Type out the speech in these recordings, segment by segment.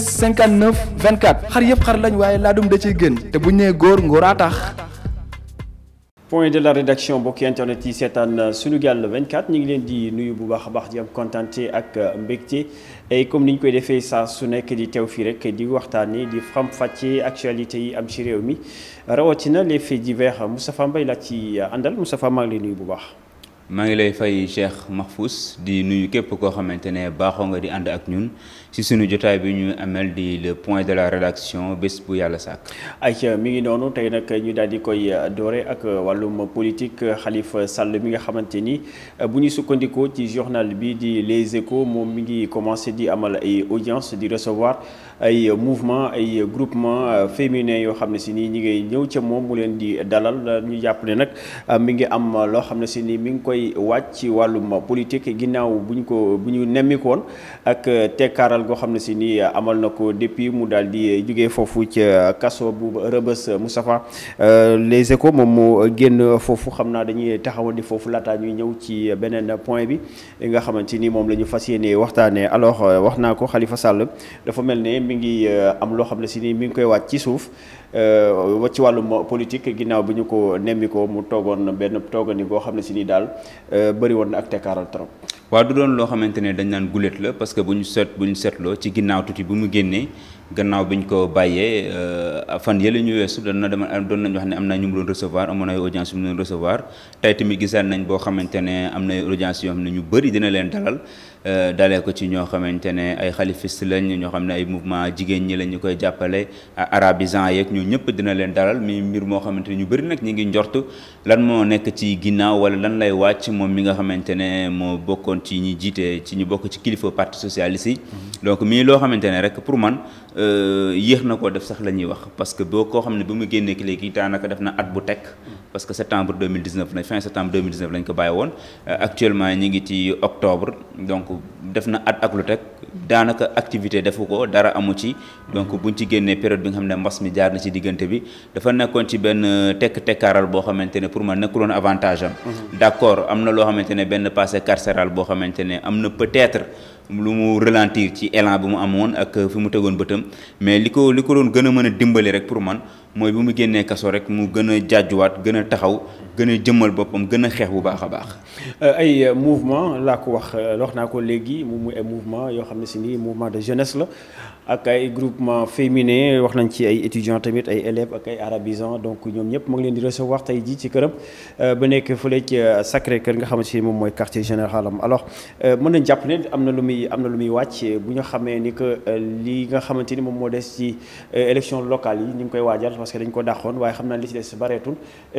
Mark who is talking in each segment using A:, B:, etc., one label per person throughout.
A: 15 59 24 xar yëpp xar lañ waaye laadum da ciy gën te bu ñu nee góor a tax. point de la rédaction mbokki internet yi seetaan Sunugal 24 ñu ngi leen di nuyu bu baax baax di am kontante ak mbégte et comme ni ñu koy defee saa su nekk di teew fii rek di waxtaanee di xam fàccee actualité yi am ci réew mi rawatina les faits divers Moustapha mbay laa ci àndal Moustapha maa ngi lay nuyu bu baax.
B: maa ngi lay fay Cheikh Mahfous di nuyu képp koo xamante ne baaxoo nga di ànd ak ñun. ci suñu jotaay bi ñu amal di le point de la rédaction bés bu yàlla sàkk.
A: ayca mi ngi noonu tey nag ñu daal di koy euh, doore ak euh, wàllum politique xalifa euh, Sall mi nga xamante ni bu ñu sukkandikoo ci journal bi di Les Échos moom mi ngi commencé di amal ay audience di recevoir ay mouvement ay groupement féminin yoo xam ne si nii ñi ngay ñëw ca moom mu leen di dalal ñu jàpp ne nag mi ngi am loo xam ne si nii mi ngi koy wàcc ci wàllum politique ginnaaw bu ñu ko bu ñu nemmikoon waxtaan goo xam ne si nii amal na ko depuis mu daal di jugee foofu ca kaso bu rëbës Moustapha euh, Les ko moom mu génn foofu xam naa dañuy taxawandi foofu laataa ñuy ñëw ci beneen point bi li nga xamante ni moom lañu fas yéene waxtaanee alors euh, wax naa ko xalifa Sall dafa mel ne mi ngi euh, am loo xam ne si nii mi ngi koy waat ci suuf. Euh, ci wàllum politique ginnaaw bi ñu ko nemmi mu toogoon benn toogani boo xam ne si nii daal euh, bëri woon na ak tekkaaral trop.
B: waaw du doon loo xamante ne dañu naan gulet la parce que bu ñu seet bu ñu seetloo ci ginnaaw tuuti bu mu génnee gannaaw bi ñu ko bàyyee euh, fan yële ñu weesu doon na dem doon nañu wax ne am na ñu mu doon recevoir amoon ay audience yu mu doon recevoir tey tamit gisaat nañ boo xamante ne am na ay audience yoo xam ne ñu bëri dina leen dalal. Euh, dalee ko ci ñoo xamante ne ay xalifiste lañ ñoo xam ne ay mouvement jigéen ñi lañ ñu koy jàppale arabisant yeeg ñoo ñëpp dina leen dalal mi mbir moo xamante ne ñu bëri nag ñu ngi njort lan moo nekk ci ginnaaw wala lan lay wàcc moom mi nga xamante ne moo bokkoon ci ñi jiite ci ñu bokk ci kilifa parti socialiste yi mm-hmm. donc mii loo xamante ne rek pour man euh, yéex na ko def sax la ñuy wax parce que boo koo xam ne bi mu génnee ki léegi daanaka def na at bu tekk mm-hmm. parce que septembre 2019 lañ fin septembre 2019 lañ ko bàyyi woon euh, actuellement ñi ngi ci octobre def na at ak lu teg daanaka activité defu ko dara amu ci donc mhm. buñ ci génnee période bi nga xam ne mbas mi jaar na ci diggante bi dafa nekkoon ci benn euh, tekk tekkaaral boo xamante ne pour man nekkuloon avantage am mhm. d'accord am na loo xamante ne benn passé carcéral boo xamante ne am na peut-être lu mu ralentir ci élan bi mu amoon ak euh, fi mu tegoon bëtam mais li ko li ko doon gën a mën a dimbali rek pour man mooy bu mu génnee kaso rek mu gën a jàjjuwaat gën a taxaw gën a jëmmal boppam gën a xeex bu baax a baax.
A: Euh, ay euh, mouvement laa ko wax euh, wax naa ko léegi moom muy ay mouvement yoo xam ne si nii mouvement de jeunesse la ak ay groupement féminin wax nañ ci ay étudiants tamit ay élèves ak ay arabisants donc ñoom ñëpp ma ngi leen di wax tey jii ci këram ba nekk fële ci Sacré Cœur nga xamante ni moom mooy quartier général am alors mën nañ jàpp ne am na lu muy am na lu muy wàcc bu ñu xamee ni que li nga xamante ni moom moo des ci élection locale yi ñu ngi koy waajal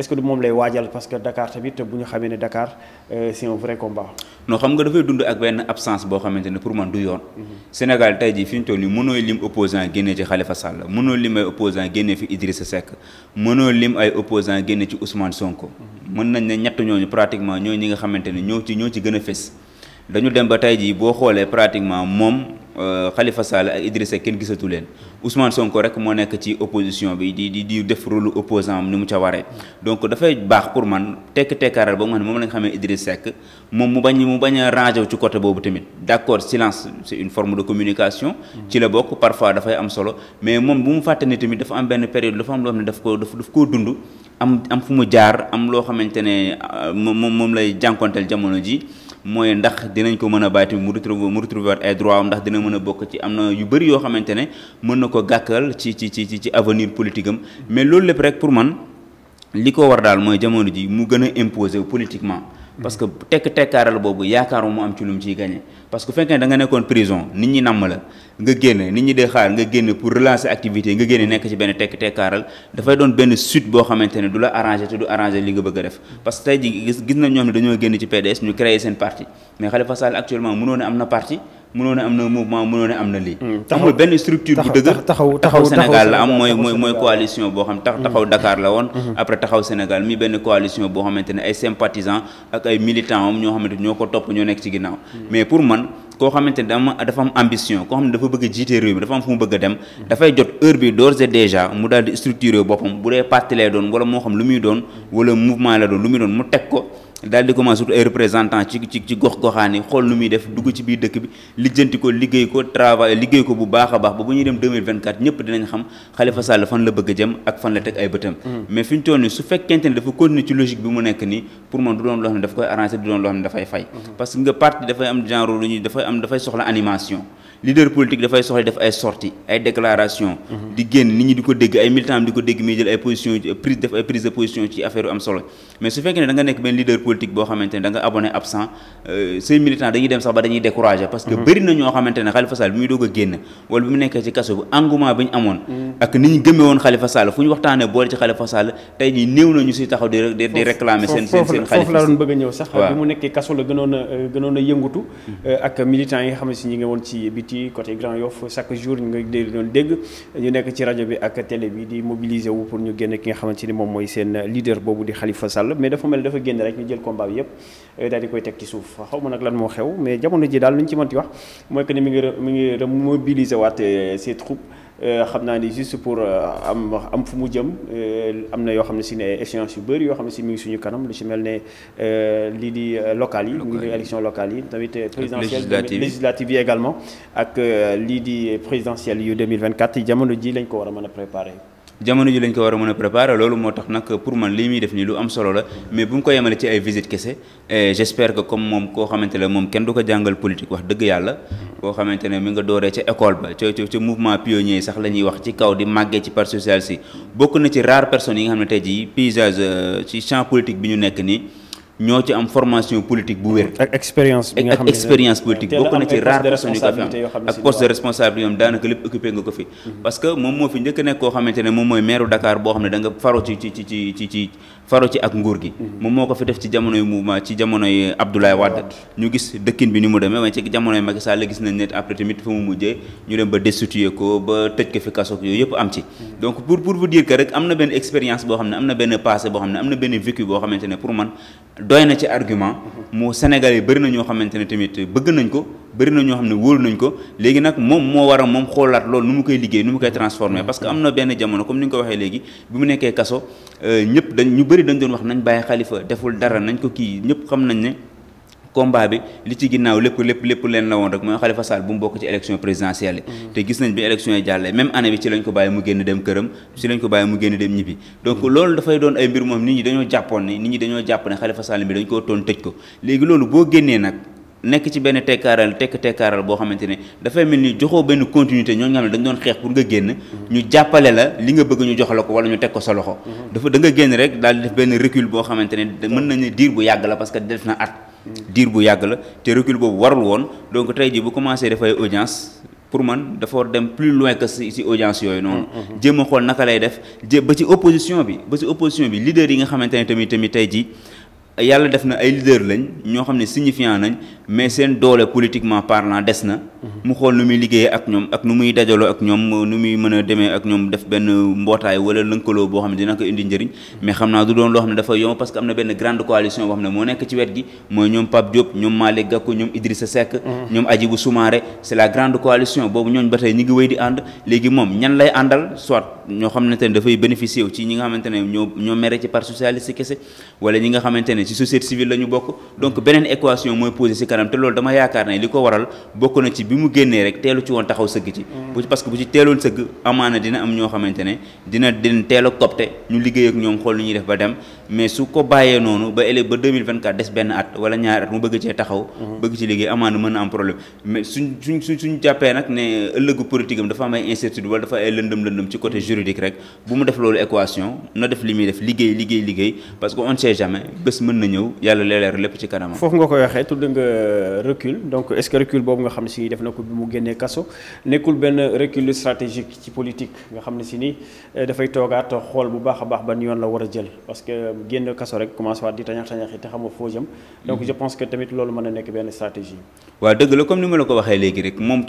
A: parce que dañ ko parce que Dakar tamit bu ñu xamee ne Dakar euh, c'est un vrai combat.
B: non xam nga dafay dund ak benn absence boo xamante ne pour man du yoon. Sénégal tey jii fi ñu toll nii mënoo lim opposant génne ci Khalifa Sall mënoo lim ay opposant génne fi Idrissa Seck mënoo lim ay opposant génne ci Ousmane Sonko. mën nañ ne ñett ñooñu pratiquement ñooñu ñi nga xamante ne ñoo ci ñoo ci gën a fes dañu dem ba tey jii boo xoolee pratiquement moom xalifa euh, Sall ak Idrissa Seck kenn gisatu leen. Ousmane Sonko rek moo nekk ci opposition bi di di di def rôle opposant am ni mu ca waree donc dafay baax pour man tekk tekkaaral ba nga xam moom la nga xamee Idriss Seck moom mu bañ mu bañ a ranger ci côté boobu tamit d'accord silence c'est une forme de communication mm-hmm. ci la bokk parfois dafay am solo mais moom bu mu fàtte tamit dafa am benn période dafa am xam ne daf ko daf daf koo dund am am fu mu jaar am loo xamante ne ah, moom moom lay jànkonteel jamono ji mooy ndax dinañ ko mën a bàyyi mu retrouver mu retrouver ay droit am ndax dina mën a bokk ci am na yu bëri yoo xamante ne mën na ko gàkkal ci ci ci ci avenir politique am mais loolu lépp rek pour man li ko war daal mooy jamono ji mu gën a imposer politiquement parce que tekk tekkaaral boobu yaakaar mu am ci lu ciy gagné parce que fekkee da nga nekkoon prison nit ñi namm la nga génn nit ñi de xaar nga génn pour relancer activité nga génn nekk ci benn tekk tekkaaral dafay doon benn suite boo xamante ne du la arrangé te du arrangé li nga bëgg a def parce que tey ji gis na ñoom ne dañoo génn ci PDS ñu créé seen parti mais Khalifa Sall actuellement mënoon am na parti mënoo ne am na mouvement mënoo ne am na lii. Hmm, amul benn structure bu dëgër. taxaw taxaw Sénégal la am mooy mooy mooy coalition boo xam ne tax hmm. taxaw Dakar la woon. Hmm. après taxaw Sénégal mi benn coalition boo xamante ne ay sympathisants ak ay am xamante ñoo ko topp ñoo nekk ci ginnaaw. mais pour man koo xamante ne dama am ambition koo xam ne dafa bëgg a jiite réew mi dafa am fu mu bëgg dem. dafay jot heure bi d'ores et déjà mu dal di structuré boppam bu dee parti lay doon wala moo xam lu muy doon wala mouvement la doon lu muy doon mu teg ko. daal di commencé surtout ay représentant ci ci gox goxaan xool nu muy def dugg ci biir dëkk bi lijjanti ko liggéey ko travail liggéey ko bu baax a baax ba bu ñuy dem 2024 ñëpp dinañ xam Khalifa Sall fan la bëgg jëm ak fan la teg ay bëtam mm-hmm. mais fi ñu toll nii su fekkente ne dafa continuer ci logique bi mu nekk nii pour moom du doon loo xam ne koy arrangé du doon loo xam dafay fay mm-hmm. parce que nga parti dafay am genre lu ñuy dafay am mais su fekkee ne da nga nekk benn leader politique boo xamante ne da nga absent euh, say militants dañuy dem sax ba dañuy découragé parce que mm-hmm. bëri na ñoo xamante ne Khalifa Sall bi a mu nekkee ci kaso bi mm-hmm. ak ni a ñëw sax bi mu
A: nekkee kaso la gënoon a euh, gënoon a yëngutu mm-hmm. euh, ak militants yi nga xam ne si ñi nga woon ci biti côté Grand Yoff chaque jour ñu nga dégg ñu nekk ci rajo bi ak télé bi di mobiliser wu pour ñu génn ki nga xamante ni moom mooy seen leader boobu di Khalifa Sall mais dafa mel dafa génne rek ñu jël combat bi yëpp euh, di koy teg ci suuf xaw ma nag lan moo xew mais jamono ji daal lu ñu ci mënti wax mooy que ni mi ngi mi ngi remobiliser waat euh, ses troupes euh, xam naa ni juste pour am am fu mu jëm am na yoo xam ne si ne échéance yu bëri yoo xam ne si mi suñu kanam lu si mel ne lii di locales yi. mu ngi élection locales yi tamit. présidentielle législative yi également. ak lii di présidentielle yu 2024 jamono ji lañ ko war a mën a préparer.
B: jamono ji lañ ko war a mën a préparer loolu moo tax nag pour man lii muy def nii lu am solo la mais bu mu ko yemale ci ay visite kese eh, j' espère que comme moom koo xamante la moom kenn du ko jàngal politique wax dëgg yàlla koo xamante ne mi nga dooree ca école ba ca ca mouvement pionnier sax la ñuy wax ci kaw di màggee ci parti si bokk na ci rare personnes yi nga xam ne tey jii paysage euh, ci champ politique bi ñu nekk nii ñoo ci am formation
A: politique bu wér. ak expérience bi nga xam ne expérience politique bokk na ci rare personne yu ko fi am ak poste de
B: responsabilité yoom daanaka lépp occupé nga ko fi. Mm-hmm. parce que moom moo fi njëkk nekk koo xamante ne moom mooy maire Dakar boo xam ne da nga ci ci ci ci. faro ci ak nguur gi moom moo ko fi def ci jamono jamonoy mouvement ci jamonoy Abdoulaye Wade ñu gis dëkkin bi ni mu demee waaye ci jamonoy Macky Sall la gis nañ ne après tamit fa mu mujjee ñu dem ba destituer ko ba tëj ko fi kaso yooyu yëpp am ci donc pour pour vous dire que rek am na benn expérience boo xam ne am na benn passé boo xam ne am na benn vécu boo xamante ne pour man doy na ci argument mhm. moo Sénégalais yi bëri na ñoo xamante ne tamit bëgg nañ ko bari na ñoo xam ne wóolu nañ ko léegi nag moom moo war a moom xoolaat loolu nu mu koy liggéey nu mu koy transformer mm-hmm. parce que am na benn jamono comme ni nga ko waxee léegi bi mu nekkee kaso euh, ñëpp dañ ñu bëri dañ doon wax nañ bàyyi xalifa deful dara nañ ko kii ñëpp xam nañ ne combat bi li ci ginnaaw lépp lépp lépp leen la woon rek mooy Khalifa Sall bu mu bokk ci élection présidentielle mm-hmm. te gis nañ bi élection yi jàllee même année bi ci lañ ko bàyyi mu génn mm-hmm. loolu dafay doon ay mbir moom nit ñi dañoo jàppoon ne nit dañoo jàpp ne Khalifa Sall bi dañ koo toon tëj ko léegi loolu nag nekk ci benn tekkaaral tekk tekkaaral boo xamante ne dafay mel ni joxoo benn continuité ñooñu nga xam ne dañu doon xeex pour nga génn ñu jàppale la li nga bëgg ñu jox la ko wala ñu teg ko sa loxo dafa da nga génn rek daal di def benn recule boo xamante ne mën nañu diir bu yàgg la parce que def na at diir bu yàgg la te boobu warul woon donc tey ji bu commencé dafay audience pour man dafa war dem plus loin que si si audience yooyu noonu mm, mm, mm. jéem a xool naka lay def ba ci opposition bi ba ci opposition bi leader yi nga xamante ne tamit tamit tey ji yàlla def na ay leader lañ ñoo xam ne signifiant nañ mais seen doole politiquement parlant des na. Mhm. mu xool nu muy liggéeyee ak ñoom ak nu muy dajaloo ak ñoom nu muy mën a demee ak ñoom def benn mbootaay wala lënkaloo boo xam ne dina ko indi njëriñ. Mhm. mais xam naa du doon loo xam ne dafa yomb mhm. boobu ñooñu ba tey ñu ngi wéy di ànd léegi moom ñan lay àndal soit ñoo xamante ne dafay bénéficier ci ñi nga xamante ne ñoo mere ci parti socialiste kese wala ci société civile la ñu bokk donc beneen équation mooy posé si kanam te loolu dama yaakaar ne li ko waral bokk na ci bi mu génnee rek teelu ci woon taxaw sëgg ci mm. bu parce que bu ci teeloon sëgg amaana dina am ñoo xamante ne dina din teel a copte ñu liggéey ak ñoom xool lu ñuy def ba dem mais su ko bàyyee noonu ba élé ba 2024 des benn at wala ñaari at mu bëgg cee taxaw mm-hmm. bëgg ci liggéey amaana mën na am problème mais suñ suñ suñ suñ jàppee nag mën na ñëw yàlla leeral lépp ci kanamam. foofu
A: nga koy waxee tudd nga euh, recul donc est-ce que recul boobu nga xam ne si def na ko bi mu génnee kaso nekkul benn recul stratégique ci politique nga xam ne si ni euh, dafay toogaat xool bu baax a baax ban yoon la war a jël parce que euh, génn kaso rek commencé waat di tañax tañax te xam nga donc mm-hmm. je pense que tamit loolu mën na nekk benn stratégie.
B: waaw dëgg la comme ni ma la ko waxee léegi rek moom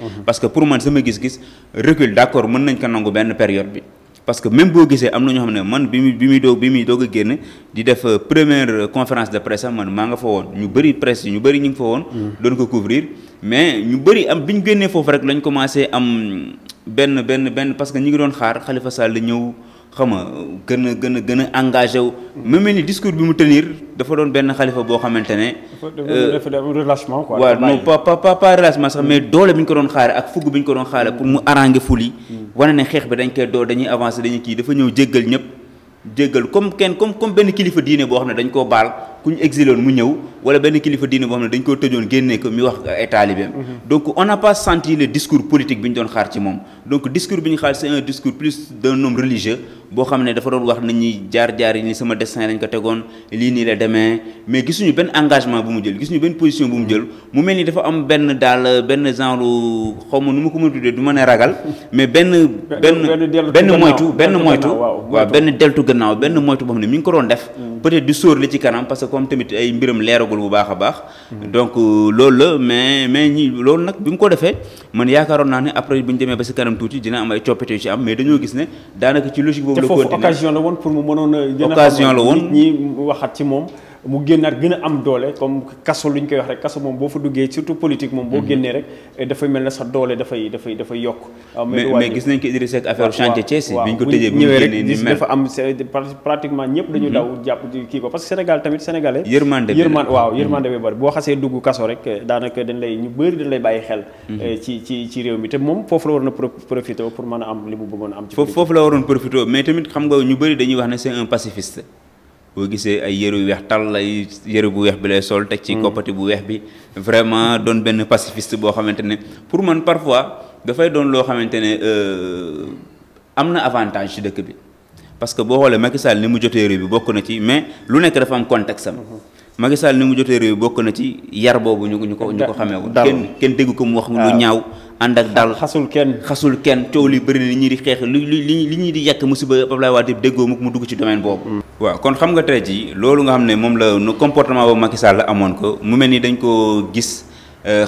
B: Mhm. parce que pour man sama gis-gis recul d'accord mën nañ ko nangu benn période bi parce que même boo gisee am na ñoo xam ne man bi muy bi muy doog bi muy doog a génn di def euh, première euh, conférence de presse man maa nga fa woon ñu bëri presse ñu bëri ñu ngi fa woon. Mhm. doon ko couvrir mais ñu bëri am bi ñu génnee foofu rek lañu commencé am benn benn benn parce que ñu ngi doon xaar Khalifa Sall ñëw. xam nga gën a gën a gën a engagé wu. même ni discours bi mu tenir dafa doon benn xalifa boo xamante ne.
A: dafa dafa relâchement quoi. waaw non pas
B: pas pas sax mais doole bi ñu ko doon xaare ak fugg bi ñu ko doon xaare pour mu arranger ful yi. Hmm. wane ne xeex bi dañ koy door dañuy avancer dañuy kii dafa ñëw jéggal ñëpp jéggal comme kenn comme comme benn kilifa diine boo xam ne dañ koo baal. ku ñu exilé woon mu ñëw wala benn kilifa diine boo xam ne dañ koo tëjoon génnee ko mi wax ay taalibeem mhm. donc on n'a pas senti le discours politique bi ñu doon xaar ci moom donc discours bi ñu xaar un discours plus d'un homme religieux boo xam ne dafa doon wax na ñuy jaar-jaar yi ni sama destin lañ ko tegoon lii nii la demee mais gisuñu benn engagement bu mu jël gisuñu benn position bu mu jël mu mel ni dafa am benn daal benn genre xaw ma nu ma ko mën a tuddee mais benn benn benn moytu benn moytu waaw benn benn moytu boo xam ko doon def mm. peut-être du sóor ci kanam parce que comme tamit ay mbiram leeragul bu baax a baax. donc euh, loolu la mais mais ñi loolu nag bi mu ko defee man yaakaaroon naa ne après bu ñu demee ba si kanam tuuti dina am ay coppite yu ci am mais dañoo gis ne daanaka ci logique boobu. la continué te foofu occasion
A: la woon pour mu mënoon a. occasion la woon nit ñi ci moom. mu génnaat gën a am doole comme kaso lu ñu koy wax rek kaso moom boo fa duggee surtout politique moom boo mhm. génnee rek eh, dafay mel ne sa doole dafay yokk. Ah, mais mais gis nañ ko Idrissa Seck affaire chantier Thiès ñëpp dañu mhm. daw jàpp kii ko parce que Sénégal tamit sénégalais. yërmande yërmande waaw mhm. yërmande bi bari boo xasee dugg kaso rek eh, daanaka dañ lay ñu bëri dañ lay bàyyi xel. Eh, ci ci ci réew mi te moom foofu la waroon a profité pour mën a am li mu bëggoon a am. foofu
B: la waroon profité mais tamit xam nga ñu bëri dañuy wax ne c'est un pacifiste boo gisee ay yu weex tal lay yëre bu weex bi lay sol teg ci mm. koppati bu weex bi vraiment doon benn pacifiste boo xamante ne pour man parfois dafay doon loo xamante ne euh, am na avantage ci dëkk bi parce que boo xoolee Macky ni mu jotee réew bi bokk na ci mais lu nekk dafa am contexte am mm-hmm. Macky Sall ni mu jotee réew bokk na ci yar boobu ñu ko ñu ko xamee woon kenn kenn dégg ko mu wax lu ñaaw ànd ak dal xasul kenn xasul kenn coow li bëri na li ñuy di xeex li li li ñuy di yàq musiba Abdoulaye Wade déggoo mu mu dugg ci domaine boobu mm. waaw kon xam nga tey jii loolu nga xam ne moom la nu comportement boobu Macky la amoon ko mu mel nii dañ ko gis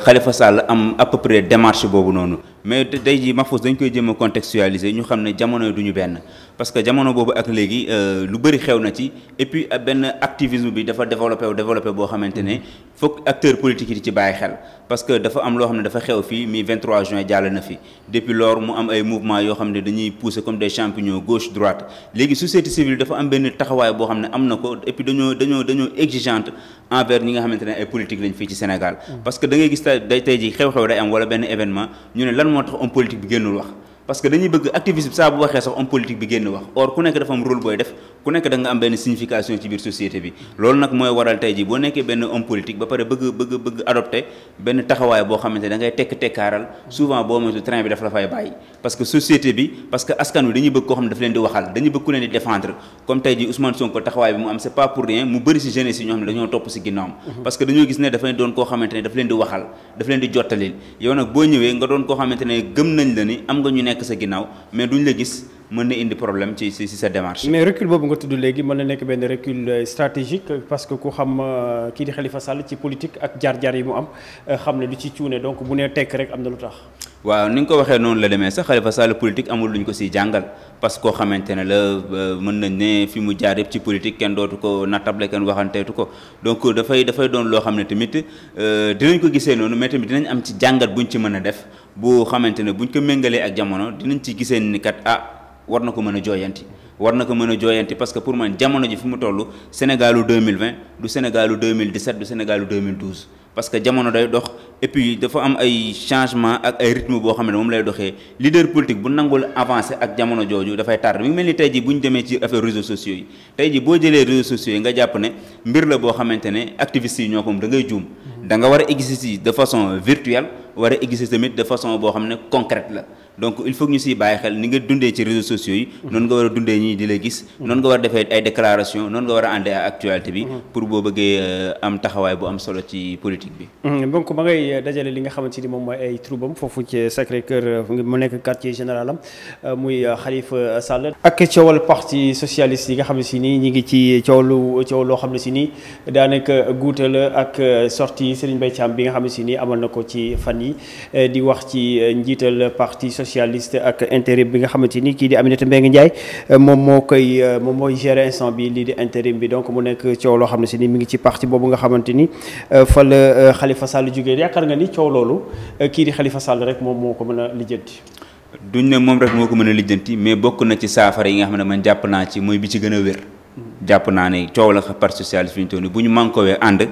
B: xalifa euh, Sall am à peu près démarche boobu noonu mais te tey jii Mahfouz dañ koy jéem a contextualiser ñu xam ne jamono yi du benn parce que jamono boobu ak léegi euh, lu bëri xew na ci et puis euh, benn activisme bi dafa développé wu développé boo xamante ne foog acteurs politiques yi di ci bàyyi xel parce dafa am loo xam ne dafa xew fii mi 23 juin jàll na fi depuis lors mu am ay mouvement yoo xam ne dañuy pousser comme des champignons gauche droite léegi société civile dafa am benn taxawaay boo xam ne am na ko et dañoo dañoo dañoo exigeante envers ñi nga xamante ne ay politique lañ fii ci Sénégal parce que gis tey tey ji xew-xew day am wala benn événement ñu ne lan moo tax homme politique bi génnul wax parce que dañuy bëgg activisme bi saa bu waxee sax homme politique bi génn wax or ku nekk dafa am rôle booy def ku nekk da nga am benn signification ci biir société bi loolu nag mooy waral tey jii boo nekkee benn homme politique ba pare bëgg bëgg bëgg benn taxawaay boo xamante da tekk tekkaaral souvent boo moytu train bi dafa la fay bàyyi parce société bi parce askan wi dañuy bëgg koo xam ne dafa leen di waxal mhm. dafa leen di waxal yow nag boo ñëwee nekk sa ginnaaw mais duñ la gis mën na indi problème ci ci sa démarche. mais
A: recul boobu nga tudd léegi mën na nekk benn recul euh, stratégique parce que ku xam euh, kii di Khalifa Sall ci politique ak jaar-jaar yi mu am euh, xam ne du ci cuune donc bu nee tekk rek am na lu tax.
B: waaw ni nga ko waxee noonu la demee sax Khalifa Sall politique amul luñ ko siy jàngal parce que koo xamante ne la mën nañ ne fi mu jaar yëpp ci politique kenn dootu ko nattable kenn waxanteetu ko donc dafay dafay doon loo xam ne tamit dinañ ko gisee noonu mais tamit dinañ am ci jàngat buñ ci mën a def. bu xamante ne buñ ko méngalee ak jamono dinañ ci gisee ni kat ah war na ko mën a jooyanti war na ko mën a jooyanti parce que pour man jamono ji fi mu toll Sénégalu 2020 du Sénégalu 2017 du Sénégalu 2012 parce que jamono day dox et puis dafa am ay changement ak ay rythme boo xam ne moom lay doxee leader politique bu nangul avancé ak jamono jooju dafay tardé mi ngi mel ni tey ji bu ñu demee ci affaire réseaux sociaux yi tey ji boo jëlee réseaux sociaux yi nga jàpp ne mbir la boo xamante ne activistes yi ñoo ko da ngay juum da war a exister de façon virtuelle war a exister tamit de façon boo xam ne concrète la donc il faut ñu siy bàyyi xel ni nga dundee ci réseaux sociaux yi noonu nga war a dundee ñii di la gis noonu nga war a defee déclaration noonu nga war a àndee actualité bi pour boo bëggee euh, am taxawaay bu am solo ci politique bi
A: donc ma ngay dajale li nga xamante ni moom mooy ay troubam foofu ci Sacré Cœur euh, mu nekk quartier général am euh, muy Khalifa Sall ak coowal parti Serigne Mbaye Thiam bi nga xam ne si nii amal na ko ci fan yi eh, di wax ci eh, njiital parti socialiste ak intérim bi nga xamante ni kii di Aminata Mbengue Ndiaye eh, moom moo koy moom mooy gérer bi lii di intérim bi donc mu nekk coow loo xam ni mi ngi ci parti boobu nga xamante ni fa la Sall jógee yaakaar nga ni coow loolu kii di Khalifa Sall rek moom moo ko mën a lijjanti. duñ ne
B: moom rek moo ko mën a lijjanti mais bokk na ci saafara yi nga xam ne man jàpp naa ci mooy bi ci gën a wér. jàpp naa ne coow la parti socialiste fi ñu toll bu ñu mànkowee ànd.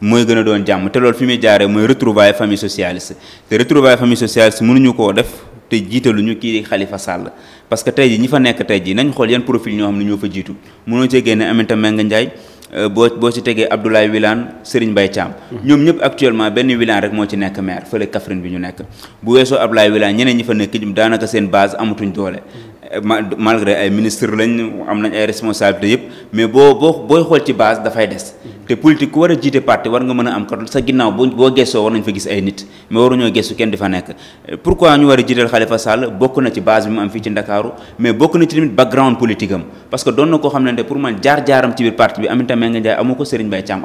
B: mooy gën doon jàmm te loolu fi muy jaaree mooy retrouvailles famille socialiste te retrouvailles famille socialiste mënuñu koo def te jiitaluñu kii di xalifa Sall parce que tey ji ñi fa nekk tey ji nañ xool yan profil ñoo xam ne ñoo fa jiitu mënoo cee génne Aminata Mbengue Ndiaye euh, boo boo ci tegee Abdoulaye Wilane Serigne bay caam mm-hmm. ñoom ñëpp actuellement benn Wilane rek moo ci nekk maire fële Kaffrine bi ñu nekk bu weesoo Abdoulaye Wilane ñeneen ñi fa nekk ñum daanaka seen base amatuñ doole mm-hmm. malgré ay ministre lañ am nañ ay responsabilités yëpp mais boo booy xool ci base dafay des mm-hmm. te politique ku war a jiite parti war nga mën a am kat sa ginnaaw boo boo gëstoo war nañ fa gis ay nit mais waruñoo gëstu kenn di fa nekk pourquoi ñu war a jiital Khalifa Sall bokk na ci base bi mu am fii ci Ndakaaru mais bokk na ci tamit background am na koo xam ne pour man jaar-jaaram ci biir parti bi Aminata Mbengue ko Serigne Mbaye Thiam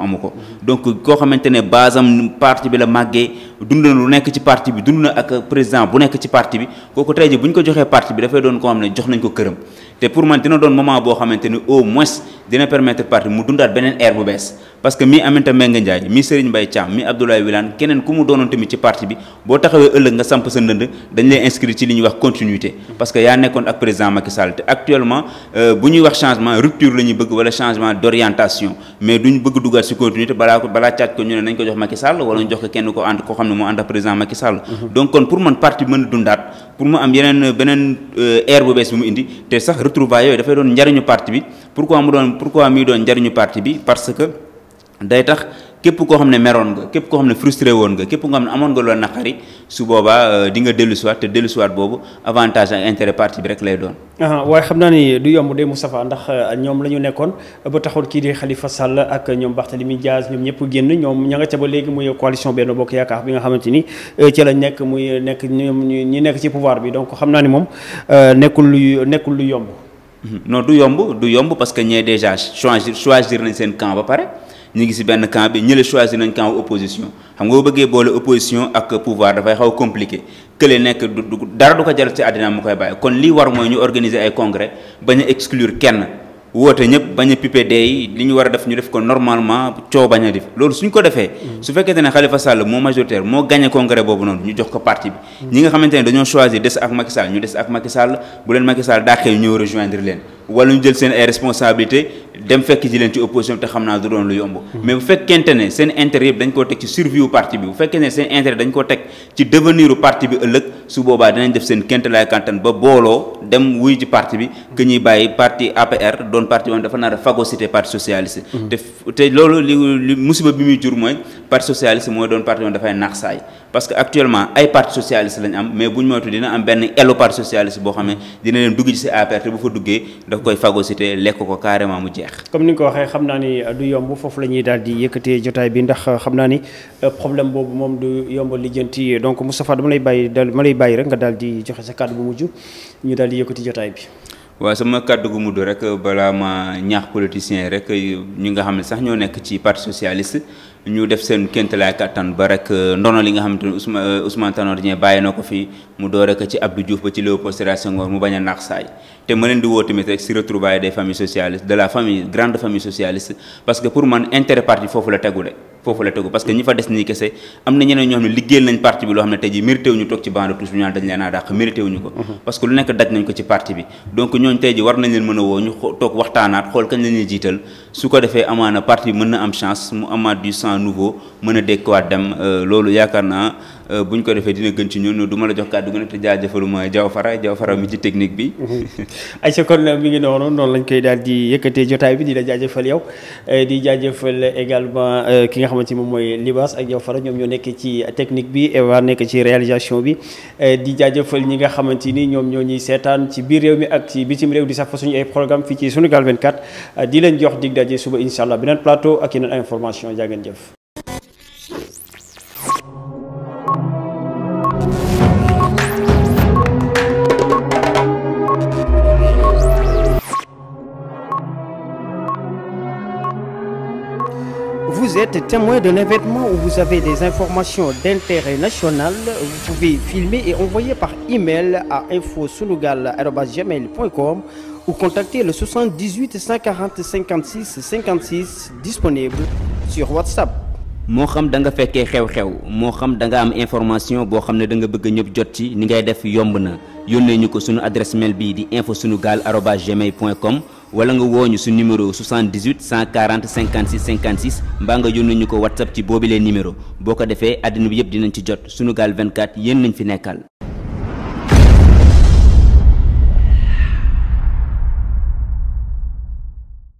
B: donc koo xamante ne base am parti bi la màggee dund na lu nekk ci parti bi dund na ak président bu nekk ci parti bi kooku tey ji bu ñu ko joxee parti bi dafay doon koo xam ne jox nañ ko këram te pour man dina doon moment boo xamante ni au moins dina permettre parti mu dundaat beneen air bu bees parce que mii Aminata Mbengue Ndiaye mii Serigne Mbaye Thiam mii Abdoulaye Wilane keneen ku mu doonoon tamit ci parti bi boo taxawee ëllëg nga samp sa ndënd dañ lay inscrire ci li ñuy wax continuité parce que yaa nekkoon ak président Macky Sall te actuellement euh, bu ñuy wax changement rupture la bëgg wala changement d'orientation mais duñ bëgg dugaat si continuité balaa ko balaa caaj ko ñu ne nañ ko jox Macky Sall wala ñu jox ko kenn ko ànd koo xam ne moo mhm. a dundaat pour mu am yeneen beneen euh, air bu bees bi parti bi pourquoi mu doon pourquoi day tax képp koo xam ne meroon nga képp ko xam ne frustré woon nga képp koo xam ne amoon nga loolu naqari su boobaa euh, di nga dellusiwaat te dellusiwaat boobu avantage ak intérêt parti bi rek lay doon.
A: waaye xam naa ni du yomb de Moustapha ndax euh, ñoom la nekkoon ba kii di Khalifa Sall ak ñoom Barthélemy Diaz ñoom ñëpp génn ñoom ña ba léegi muy coalition Benno Bokk Yaakaar bi nga xamante ni euh, la nekk muy nekk ñoom ñi nekk ci pouvoir bi donc xam naa ni moom nekkul lu nekkul lu yomb.
B: non du yomb du yomb parce que ñee déjà choisir choisir nañ seen camp ba pare. ñu ngi si benn camp bi ñële choisir nañ camp opposition xam nga bu bëggee boole opposition ak pouvoir dafay xaw compliqué kële nekk du dara du ko jaral ci àddina mu koy bàyyi kon lii war mooy ñu organiser ay congrès bañu a exclure kenn woote ñëpp bañ a pipé deey li ñu war a def ñu def ko normalement coow bañ a def loolu ko defee mm. su fekkente ne Khalifa Sall moo majoritaire moo gagné congrès boobu noonu ñu jox ko parti bi mm. ñi nga xamante ne dañoo choisir des ak Macky Sall ñu des ak Macky Sall bu leen Macky Sall dàqee ñëw rejoindre leen wala ñu jël seen ay responsabilité dem fekk ji leen ci opposition bi te xam naa du doon lu yomb mm. mais bu fekkente ne seen intérêt yëpp dañ koo su boobaa dinañ def seen kéemtalaay kattan ba booloo dem wuy ji parti bi que bàyyi parti APR doon parti woon dafa nar a phagocyté parti socialiste. Mm-hmm. te te loolu li musiba bi muy jur mooy parti socialiste mooy doon parti yoon dafay parce que actuellement ay parti socialiste lañ am mais bu ñu moytu dina am benn elo parti socialiste boo xam ne dina leen dugg ci si APR te bu fa duggee daf koy phagocyté lekk ko carrément mu jeex.
A: comme ni nga ko waxee xam naa ni du yomb foofu la ñuy daal di yëkkatee jotaay bi ndax euh, xam naa ni euh, problème boobu moom du yomb lijjanti donc Moustapha dama lay bàyyi daal ma lay bàyyi rek nga daal di joxe sa kàddu bu mujj ñu daal di yëkkati jotaay bi.
B: waaw sama kàddu gu mudd rek balaa ma ñaax politicien rek ñi nga xam ne sax ñoo nekk ci parti socialiste. ñu def seen kéntalaay kàttan ba rek euh, ndono li nga xamante ne Ousmane euh, Ousmane Tanor bàyyi na ko fi mu doore ko ci Abdou Diouf ba ci Léopold Sédar Senghor mu bañ a naax saay te ma leen di woo tamit rek si retrouvailles des familles socialistes de la famille grande famille socialiste parce que pour man intérêt foofu la tegu de foofu la tegu parce que ñi fa des nii kese am na ñeneen ñoo xam ne liggéeyal nañ parti bi loo xam ne tey jii mérité wuñu ci banc su ko defee amaana parti mën na am chance mu amaat du sang nouveau mën a dékkuwaat dem euh, loolu yaakaar naa euh, bu ñu ko defee dina gën ci ñun du ma la jox kàddu nga te jaajëfaluma Diaw Fara Diaw Fara mi ci technique bi.
A: ayca kon euh, mi ngi noonu noonu lañ koy daal di yëkkatee jotaay bi di la jaajëfal yow di jaajëfal également ki nga xamante ni moom mooy Libas ak Diaw Fara ñoom ñoo nekk ci technique bi Eva nekk ci réalisation bi di jaajëfal ñi nga xamante ni ñoom ñoo ñuy seetaan ci ci bitim réew di sax fa suñu ay programme fii daje Vous êtes témoin d'un événement ou vous avez des informations d'intérêt national, vous pouvez filmer et envoyer par email à infosunugal@gmail.com ou contacter le 78 140 56 56 disponible sur WhatsApp. moo xam da nga fekkee xew-xew
B: moo xam danga am information boo xam ne da nga bëgg ñëpp jot ci ni ngay def yomb na yónnee ñu ko suñu adresse mail bii di info sunu gaal arobase gmail point com wala nga woo ñu su numéro 78 140 56 56 mbaa nga yónnee ñu ko whatsapp ci boobilee numéro boo ko defee àddina bi yëpp dinañ ci jot sunu gaal 24 yéen nañ fi nekkal.